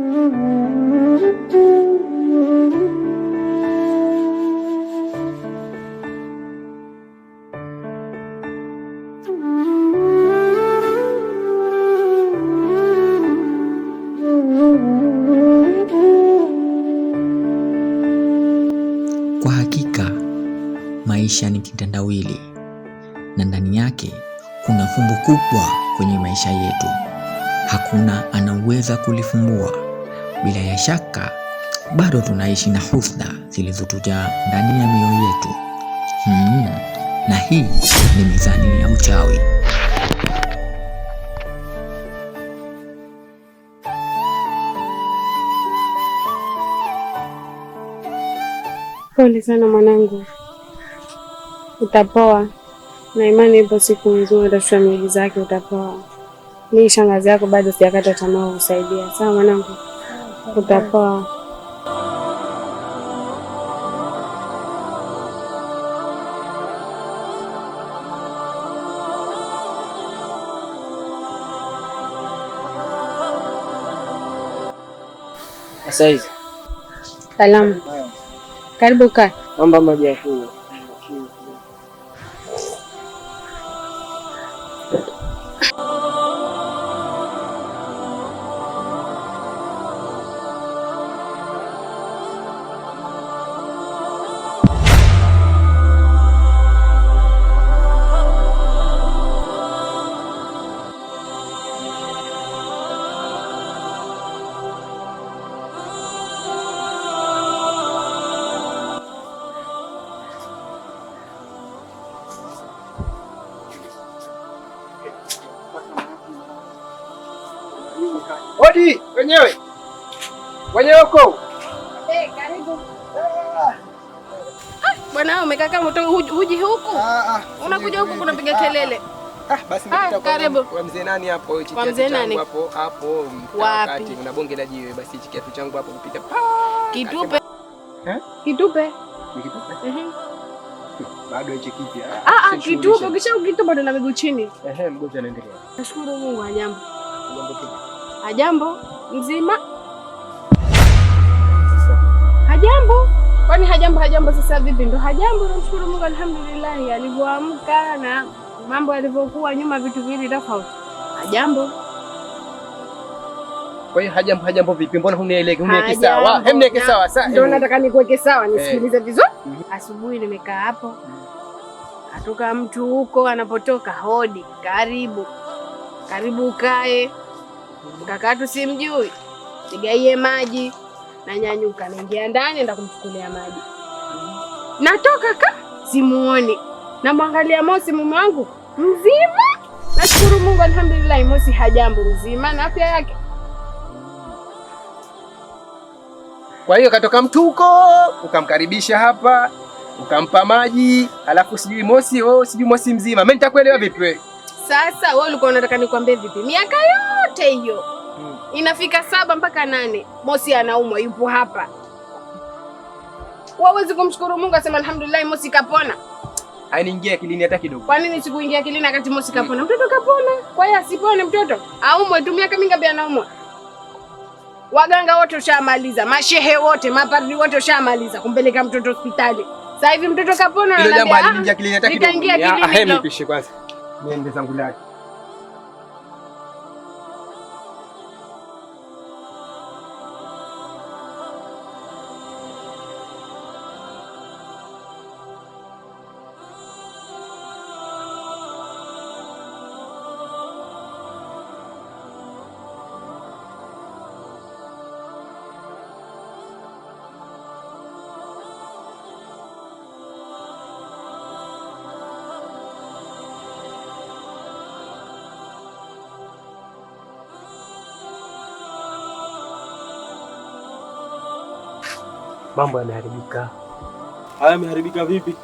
Kwa hakika maisha ni kitendawili na ndani yake kuna fumbo kubwa kwenye maisha yetu. Hakuna anaweza kulifumbua. Bila ya shaka bado tunaishi na husda zilizotuja ndani ya mioyo yetu hmm. Na hii ni mizani ya uchawi. Pole sana mwanangu, utapoa na imani ipo siku nzuri, utafuta miujiza yake, utapoa. ni shangazi yako bado sijakata tamaa kusaidia. Sawa mwanangu. Utapoa. Asaizi. Salamu. Karibu kaka. Mambo moja tu. Kwenye huko. Eh, karibu. Ah, bwana umekaa kama huji huku. Ah, ah, Unakuja huku kunapiga ah, kelele. Ah, ah basi karibu. Kwa mzee nani hapo? Kwa mzee nani hapo? Hapo wapi? Kuna bonge la jiwe basi hichi kiatu changu hapo kupita. Kitupe. Eh? Kitupe. Kitupe. Mhm. Bado hichi kipya. Ah ah, kitupe kisha ukitupa bado na miguu chini. Ehe, mgoja anaendelea. Nashukuru Mungu ajambo. Ajambo mzima hajambo, kwani hajambo? Hajambo sasa vipi? Ndo hajambo. Namshukuru Mungu, alhamdulillahi, alivyoamka na mambo yalivyokuwa nyuma, vitu viwili tofauti. Hajambo. Kwa hiyo hajambo, hajambo vipi? Mbona hunieleki? Huniweke sawa, hemniweke sawa. Sasa ndio nataka nikuweke sawa, eh. nisikilize vizuri. Mhm. Asubuhi nimekaa hapo, atoka mtu huko anapotoka, hodi, karibu karibu, ukae. kakatu, simjui, nigaiye maji nanyanyuka, naingia ndani, enda kumchukulia maji, natoka ka simuoni, namwangalia Mosi mume wangu mzima. Nashukuru Mungu, alhamdulillah, Mosi hajambo, mzima na afya yake. Kwa hiyo katoka mtu huko, ukamkaribisha hapa, ukampa maji, alafu sijui Mosi oh, sijui Mosi mzima. Mimi nitakuelewa vipi wewe? Sasa wewe ulikuwa unataka nikwambie vipi? miaka yote hiyo inafika saba mpaka nane. Mosi anaumwa yupo hapa, wawezi kumshukuru Mungu asema alhamdulillah, Mosi kapona. Ainiingia akilini hata kidogo. Kwa nini sikuingia akilini wakati Mosi kapona? Mm. Mtoto kapona. Kwa hiyo asipone mtoto aumwe tu, miaka mingapi anaumwa? Waganga wote ushamaliza, mashehe wote, mapadri wote ushamaliza kumpeleka mtoto hospitali. Sasa hivi mtoto kapona, nikaingia akilini. Ah, ah, ah, Niende zangu lake mambo yameharibika. Haya, yameharibika vipi?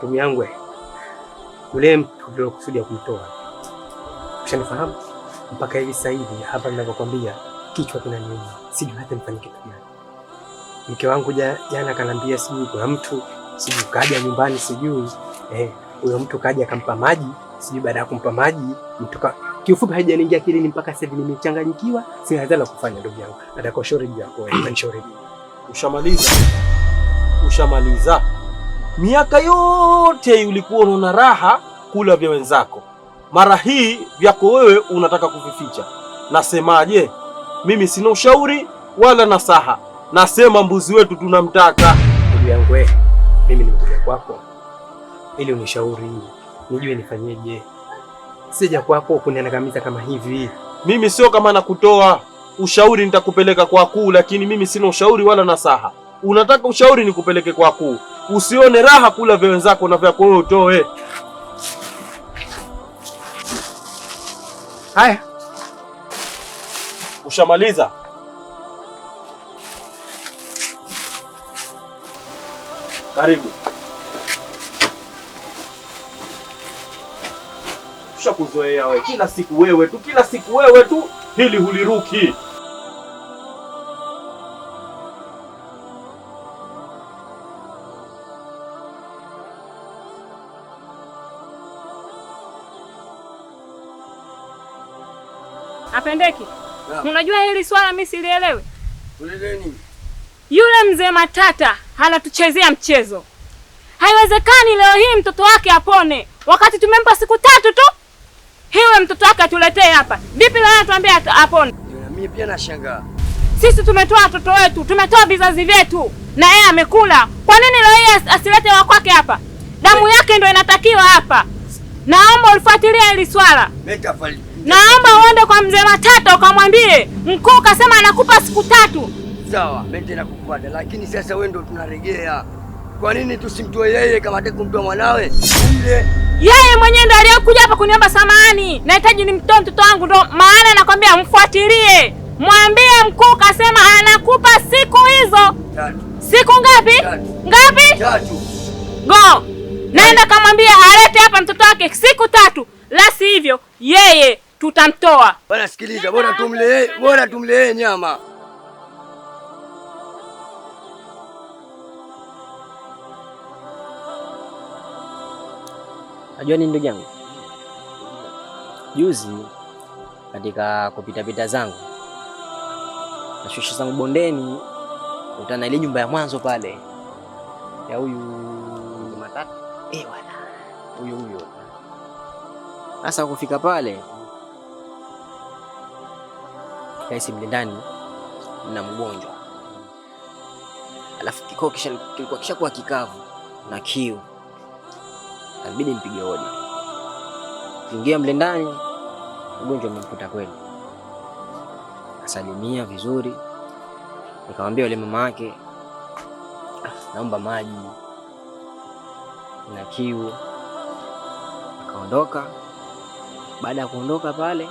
Tumi ah. yangu eh, yule mtu uliokusudia kumtoa ushanifahamu. Mpaka hivi sasa hivi hapa ninavyokwambia, kichwa kinaniuma, sijui hata nifanye kitu gani. Mke wangu jana kanambia, sijui kuna mtu sijui kaja nyumbani, sijui eh, huyo mtu kaja akampa maji, sijui baada ya kumpa maji mtu Kiufupi haijaniingia akilini mpaka sasa, nimechanganyikiwa, sina la kufanya. Ndugu yangu atakoshorejako ushamaliza, ushamaliza. Miaka yote ulikuwa unaona raha kula vya wenzako, mara hii vyako wewe unataka kuvificha. Nasemaje? Mimi sina ushauri wala nasaha, nasema mbuzi wetu tunamtaka. Ndugu yangu, mimi nimekuja kwako ili unishauri, nijue nifanyeje sija kwako kuniangamiza kama hivi. Mimi sio kama nakutoa ushauri, nitakupeleka kwa kuu, lakini mimi sina ushauri wala nasaha. Unataka ushauri nikupeleke kwa kuu, usione raha kula vya wenzako na vyako wewe utoe. Haya, ushamaliza? Karibu. Tushakuzoea we, kila siku wewe tu, kila siku wewe tu, hili huliruki. Apendeki, unajua hili swala mimi silielewi. Yule mzee Matata anatuchezea mchezo. Haiwezekani leo hii mtoto wake apone wakati tumempa siku tatu tu hiwe mtoto wake atuletee hapa vipi? Leo tuambie hapona. Mimi pia nashangaa, sisi tumetoa watoto wetu, tumetoa vizazi vyetu na yeye amekula. Kwa nini leo yeye asilete wa kwake hapa? Damu yake ndio inatakiwa hapa. Naomba ulifuatilie hili swala, naomba uende kwa mzee Matata ukamwambie mkuu, kasema anakupa siku tatu. Sawa, mimi nakufuata, lakini sasa wewe ndio tunaregea kwa nini tusimtoe yeye kama hataki kumtoa mwanawe? Ile yeye mwenyewe ndo aliyokuja hapa kuniomba samani Nahitaji nimtoe mtoto wangu, ndo maana nakwambia mfuatilie, mwambie mkuu kasema anakupa siku hizo Tatu. siku ngapi Tatu. ngapi Tatu. go naenda kamwambia alete hapa mtoto wake siku tatu, la hivyo yeye tutamtoa. Bwana sikiliza, bora tumle, bora nyama Najua nini ndugu yangu, juzi katika kupitapita zangu nashusha zangu bondeni, kutana ile nyumba ya mwanzo pale ya huyu matatu eh, bwana huyo huyo. Sasa kufika pale kaisi mlindani na mgonjwa, alafu kikoo kuwa kikavu na kiu Inabidi mpige hodi. Kiingia mle ndani, mgonjwa amemkuta kweli, asalimia vizuri. Nikamwambia yule mama yake, ah, naomba maji na kiu. Akaondoka. Baada ya kuondoka pale,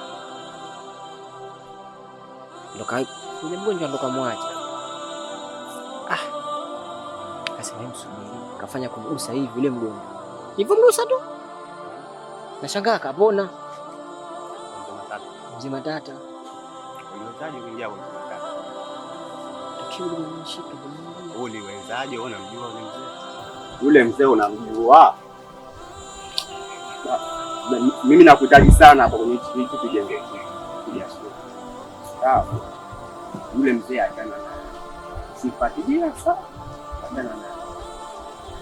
yule mgonjwa ndo kamwacha ah, kasemamsubiri kafanya kumgusa hivi yule mgonjwa Hivyo mrusa tu. Nashangaa akapona. Mzima tata. Yule mzee unamjua? Mimi nakuhitaji sana hapa kwenye hichi kitu tujenge. Sawa. Yule mzee achana naye. Sifuatilia sana. Achana naye.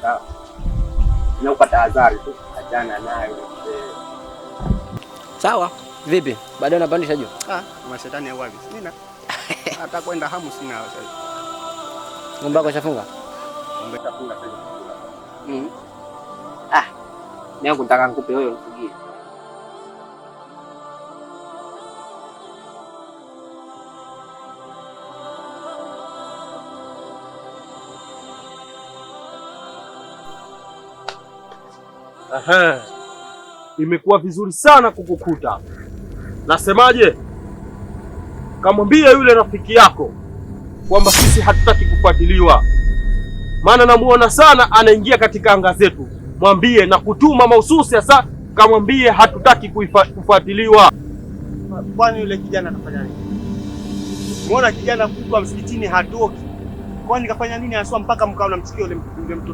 Sawa. Naupa tahadhari tu, achana nayo. Sawa, vipi? Baadaye unapandisha juu. Ah, mashetani au wapi? Sina. Hata kwenda hamu sina sasa. Ng'ombe yako shafunga? Ng'ombe shafunga sasa. Mm. Ah. Nangu nataka nikupe wewe usigie. Ehe, imekuwa vizuri sana kukukuta. Nasemaje, kamwambia yule rafiki yako kwamba sisi hatutaki kufuatiliwa, maana namuona sana anaingia katika anga zetu. Mwambie na kutuma mahususi sasa, kamwambie hatutaki kufuatiliwa. Kwani yule kijana anafanya nini? Muona kijana kubwa msikitini hatoki kwani nikafanya nini Haswa mpaka mtoto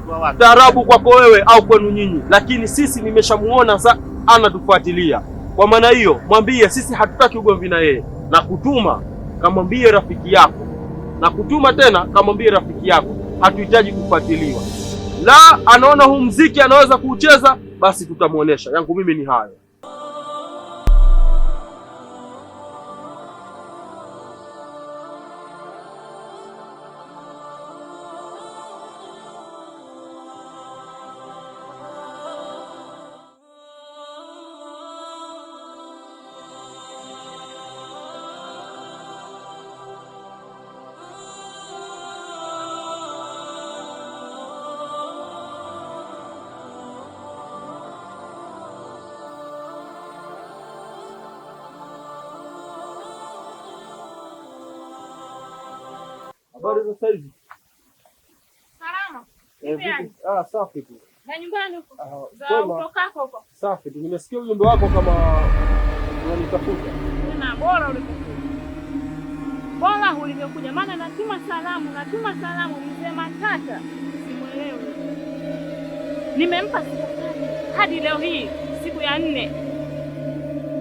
wa watu? Taarabu kwako wewe au kwenu nyinyi, lakini sisi nimeshamuona sasa anatufuatilia. Kwa maana hiyo, mwambie sisi hatutaki ugomvi na yeye, na kutuma kamwambie rafiki yako, na kutuma tena kamwambie rafiki yako, hatuhitaji kufuatiliwa. La anaona huu mziki anaweza kuucheza, basi tutamwonyesha. Yangu mimi ni hayo. habari za sasa hivi? Salama. Eh, yaani? Ah, safi tu. Na nyumbani huko? Ah, za utokako huko? Safi tu. Nimesikia ujumbe wako kama unanitafuta. Na bora ulikuja. Bora ulivyokuja maana natuma salamu, natuma salamu mzee Matata. Simuelewi. Nimempa siku hadi leo hii siku ya nne.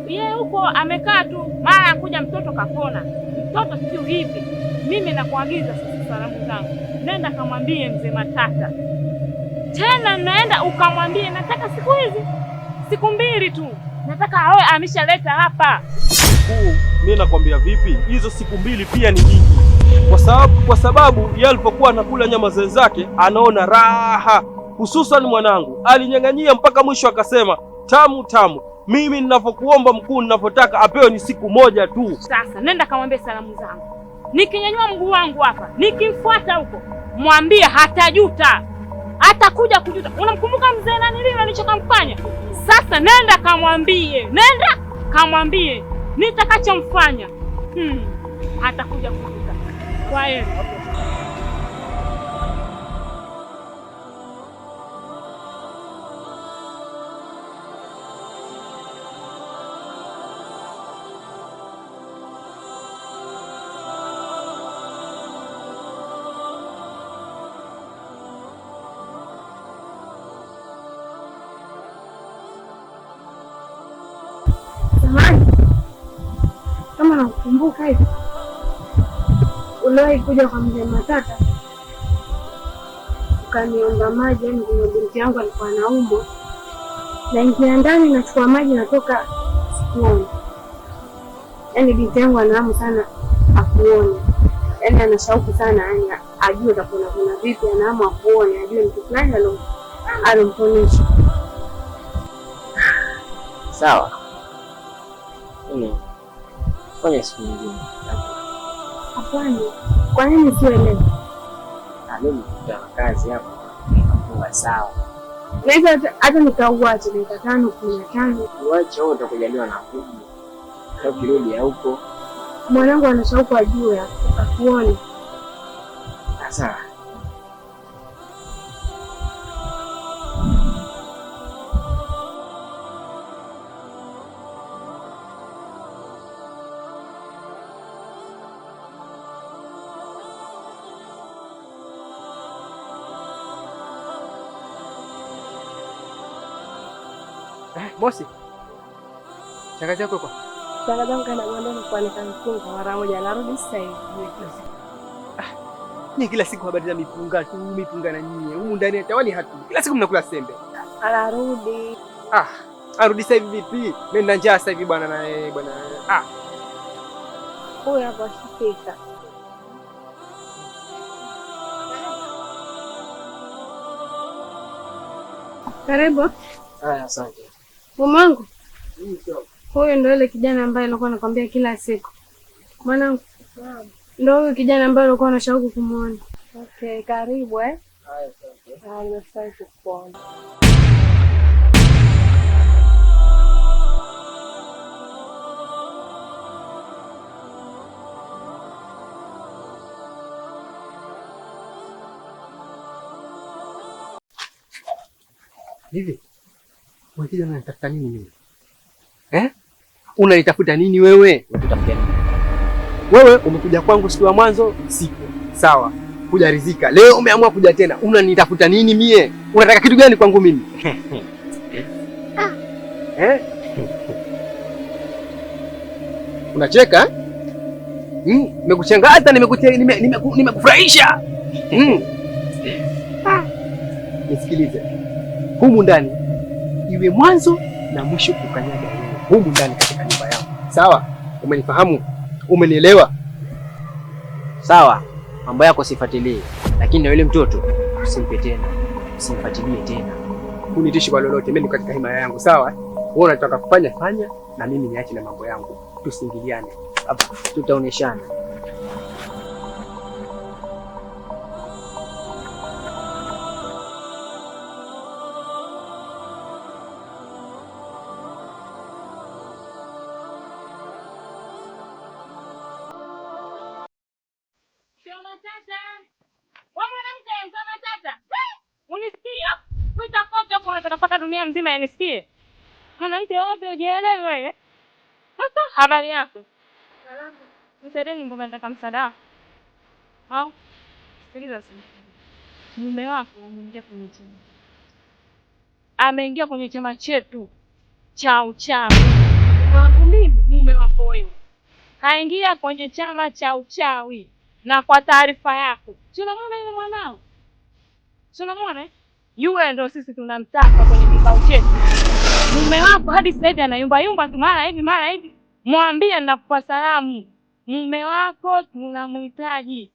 Yeye huko amekaa tu, mara kuja mtoto kapona. Mtoto sijui hivi mimi nakuagiza sasa, sarafu zangu, nenda kamwambie mzee Matata tena, naenda ukamwambie nataka siku hizi siku mbili tu, nataka awe ameshaleta hapa. Mkuu, mimi nakwambia vipi, hizo siku mbili pia ni nyingi, kwa sababu kwa sababu yeye alipokuwa anakula nyama zenzake anaona raha, hususan mwanangu alinyang'anyia mpaka mwisho akasema tamu tamu. Mimi ninavyokuomba mkuu, ninavyotaka apewe ni siku moja tu. Sasa nenda kamwambie salamu zangu nikinyanyua mguu wangu hapa, nikimfuata huko, mwambie hatajuta, atakuja kujuta. Unamkumbuka mzee nani lile alichokamfanya? Sasa nenda kamwambie, nenda kamwambie nitakachomfanya. Hmm, atakuja kujuta. Kwa hiyo Unakumbuka hivi, uliwahi kuja kwa mzee Matata ukaniomba maji, yani kuna binti yangu alikuwa anaumwa, naingia ndani nachukua maji natoka, sikuoni. Yani binti yangu anaamu sana akuone, yani anashauku sana, yani ajue takuna kuna vipi, anaamu akuone, ajue mtu fulani alomponesha Sawa fanya siku nyingine. Hapana, kwa nini sio Na ah, Mimi kuna kazi hapa nafunga, sawa. Naweza hata nikauache dakika tano kumi na tano uache, utakujaliwa na Mungu. ya huko mwanangu ana shauku ajue akuone. Sasa Eh, bosi. Shangazi yako kwa? Shangazi yangu kana mwendo ni kwa nikamfunga mara moja narudi sasa hivi. Ah, ni kila siku habari za mipunga tu, mipunga na nyie. Humu ndani ya tawani hatu. Kila siku mnakula sembe. Anarudi. Ah, arudi sasa hivi vipi? Mimi nina njaa sasa hivi bwana na yeye bwana. Ah. Huyu hapo akifika. Karibu. Haya, asante. Mumangu huyu ndo yule kijana ambaye alikuwa nakwambia kila siku mwanangu. Ndo huyu kijana ambaye alikuwa na shauku kumuona. Okay, karibu eh. Ah, nimefurahi kukuona. Hivi wewe unanitafuta nini mimi? Eh? Unanitafuta nini wewe? Wewe umekuja kwangu siku ya mwanzo, siku sawa, rizika. Leo umeamua kuja tena, unanitafuta nini mie? Unataka kitu gani kwangu mimi? Eh? Unacheka? Hmm? Nimekuchangaza, nimekufurahisha. Hmm? Ah. Nisikilize, humu ndani iwe mwanzo na mwisho kukanyaga wewe humu ndani katika nyumba yako. Sawa, umenifahamu? Umenielewa? Sawa, mambo yako sifuatilie, lakini na yule mtoto usimpe tena, usimfuatilie tena, unitishi kwa lolote. Mimi katika himaya yangu. Sawa, wewe unataka kufanya fanya, na mimi niache na mambo yangu, tusingiliane hapa, tutaoneshana dunia mzima yanisikie. Mwanamke ujielewe wewe? Sasa habari yako? Salamu. mbona nataka msaada? Au? Sikiliza sasa. Mume wako ameingia kwenye chama. Ameingia kwenye chama chetu cha uchawi. Wangu mimi mume wako wewe. kwenye chama cha uchawi na kwa taarifa yako, si unamwona yule mwanao, si unamwona eh? yule, ndo sisi tunamtaka kwenye kibao chetu. Mume wako hadi sasa hivi anayumba yumba tu, mara hivi mara hivi. Mwambie nakupa salamu, mume wako tunamhitaji.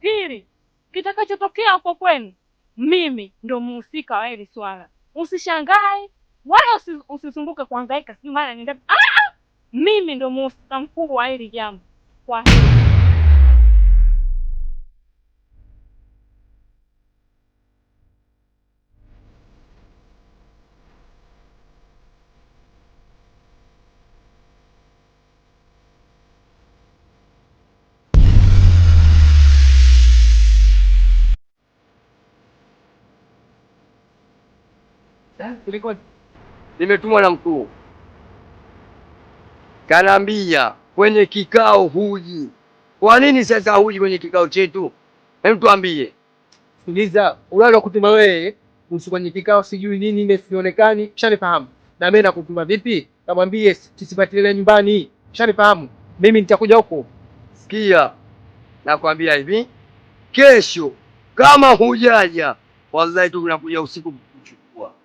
Pili, kitakachotokea huko kwenu, mimi ndo mhusika wa hili swala. Usishangae wala usisumbuke kuhangaika, si mara ni ndio. Ah, ah, mimi ndo mhusika mkuu wa hili jambo, kwa hiyo Eh, Nimetumwa na mkuu, kanaambia kwenye kikao huji. Kwa nini sasa huji kwenye kikao chetu? Hem, tuambie. Sikiliza, unaweza kutuma wewe kuhusu kwenye kikao sijui nini ile sionekani, shanifahamu. Na mimi nakutuma vipi? Kamwambie tusipatilie nyumbani, shanifahamu. Mimi nitakuja huko. Sikia, nakwambia hivi, kesho kama hujaja, wallahi tunakuja usiku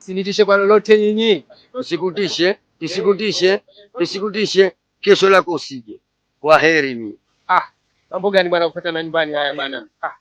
Sinitishe kwa lolote nyinyi. Usikutishe, usikutishe, usikutishe, kesho lako usije. Kwa heri mimi. Ah, mambo gani bwana kupata na nyumbani haya bwana. Ah.